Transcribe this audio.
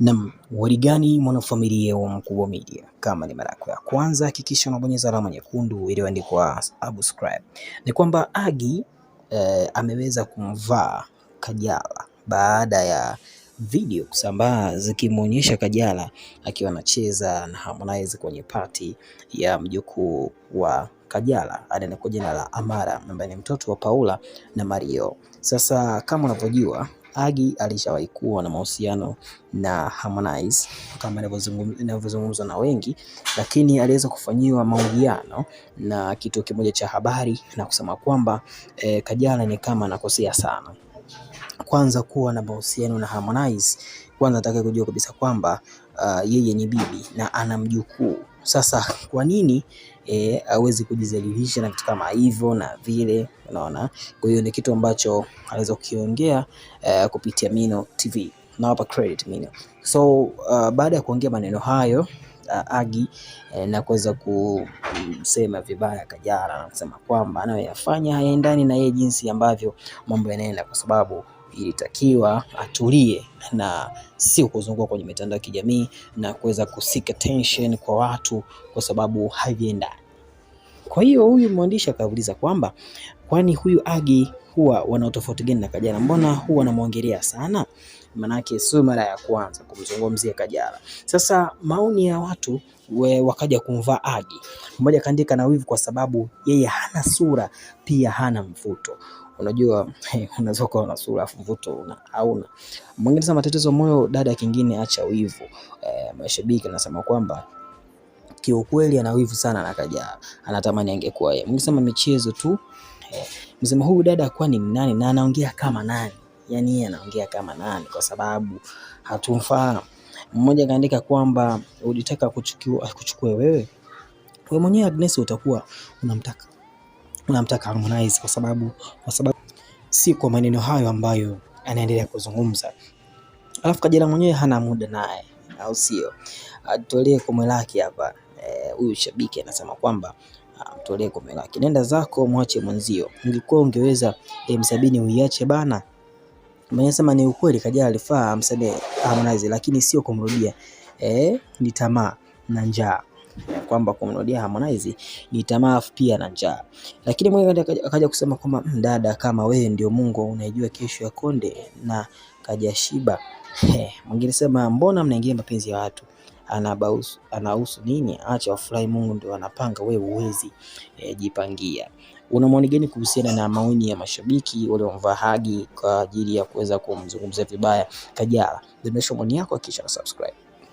Nam wari gani mwanafamilia wa Mkubwa Media, kama ni mara yako ya kwanza hakikisha unabonyeza alama nyekundu iliyoandikwa subscribe. Ni kwamba Agi eh, ameweza kumvaa Kajala baada ya video kusambaa zikimwonyesha Kajala akiwa anacheza na Harmonize kwenye pati ya mjukuu wa Kajala anaenda kwa jina la Amara ambaye ni mtoto wa Paula na Mario. Sasa kama unavyojua agi alishawahi kuwa na mahusiano na Harmonize kama inavyozungumzwa na wengi, lakini aliweza kufanyiwa mahojiano na kituo kimoja cha habari na kusema kwamba eh, Kajala ni kama anakosea sana kwanza kuwa na mahusiano na Harmonize, kwanza nataka kujua kabisa kwamba uh, yeye ni bibi na ana mjukuu. Sasa kwa nini e, eh, awezi kujizalilisha na vitu kama hivyo na vile, unaona? Kwa hiyo ni kitu ambacho anaweza kukiongea uh, kupitia Mino TV. Nawapa credit Mino. So uh, baada ya kuongea maneno hayo Uh, Agi eh, na kuweza kusema vibaya Kajala na kusema kwamba anayoyafanya hayaendani na yeye jinsi ambavyo mambo yanaenda, kwa sababu ilitakiwa atulie na sio kuzunguka kwenye mitandao ya kijamii na kuweza kusika tension kwa watu, kwa sababu haviendani. Kwa hiyo huyu mwandishi akauliza kwamba kwani huyu Agi huwa wana tofauti gani na Kajala? Mbona huwa wanamwongelea sana? Manake sio mara ya kwanza kumzungumzia Kajala. Sasa maoni ya watu we, wakaja kumvaa Agi. Mmoja kaandika na wivu kwa sababu yeye hana sura pia hana mvuto unajua unaweza kuwa na sura afu mvuto hauna. Mwingine anasema matatizo moyo dada, kingine acha wivu. E, mashabiki anasema kwamba kiukweli ana wivu sana na kaja anatamani angekuwa yeye. Mwingine anasema michezo tu. Eh, e, msema huyu dada kwani ni nani na anaongea kama nani? Yaani yeye anaongea kama nani kwa sababu hatumfahamu. Mmoja kaandika kwamba ulitaka kuchukua kuchukue wewe wewe mwenyewe Agnes utakuwa unamtaka unamtaka Harmonize kwa sababu, kwa sababu si kwa maneno hayo ambayo anaendelea kuzungumza, alafu Kajala mwenyewe hana muda naye, au sio? atolee kome lake hapa eh, huyu e, shabiki anasema kwamba mtolee ah, kome lake, nenda zako, mwache mwenzio. Ungekuwa ungeweza eh, msabini uiache bana. Sema ni ukweli, Kajala alifaa amsamehe Harmonize, lakini sio kumrudia. E, ni tamaa na njaa ya kwamba kumnudia Harmonize ni tamaa pia na njaa. Lakini mwenyewe akaja kusema kwamba mdada, mm, kama wewe ndio Mungu unaijua kesho ya Konde na Kajashiba. Mwingine sema mbona mnaingia mapenzi ya watu anahusu anahusu nini? Acha wafurahi, Mungu ndio anapanga, wewe uwezi e, eh, jipangia. Una maoni gani kuhusiana na maoni ya mashabiki waliomvaa Hagi kwa ajili ya kuweza kumzungumzia vibaya Kajala? Dondosha maoni yako kisha subscribe.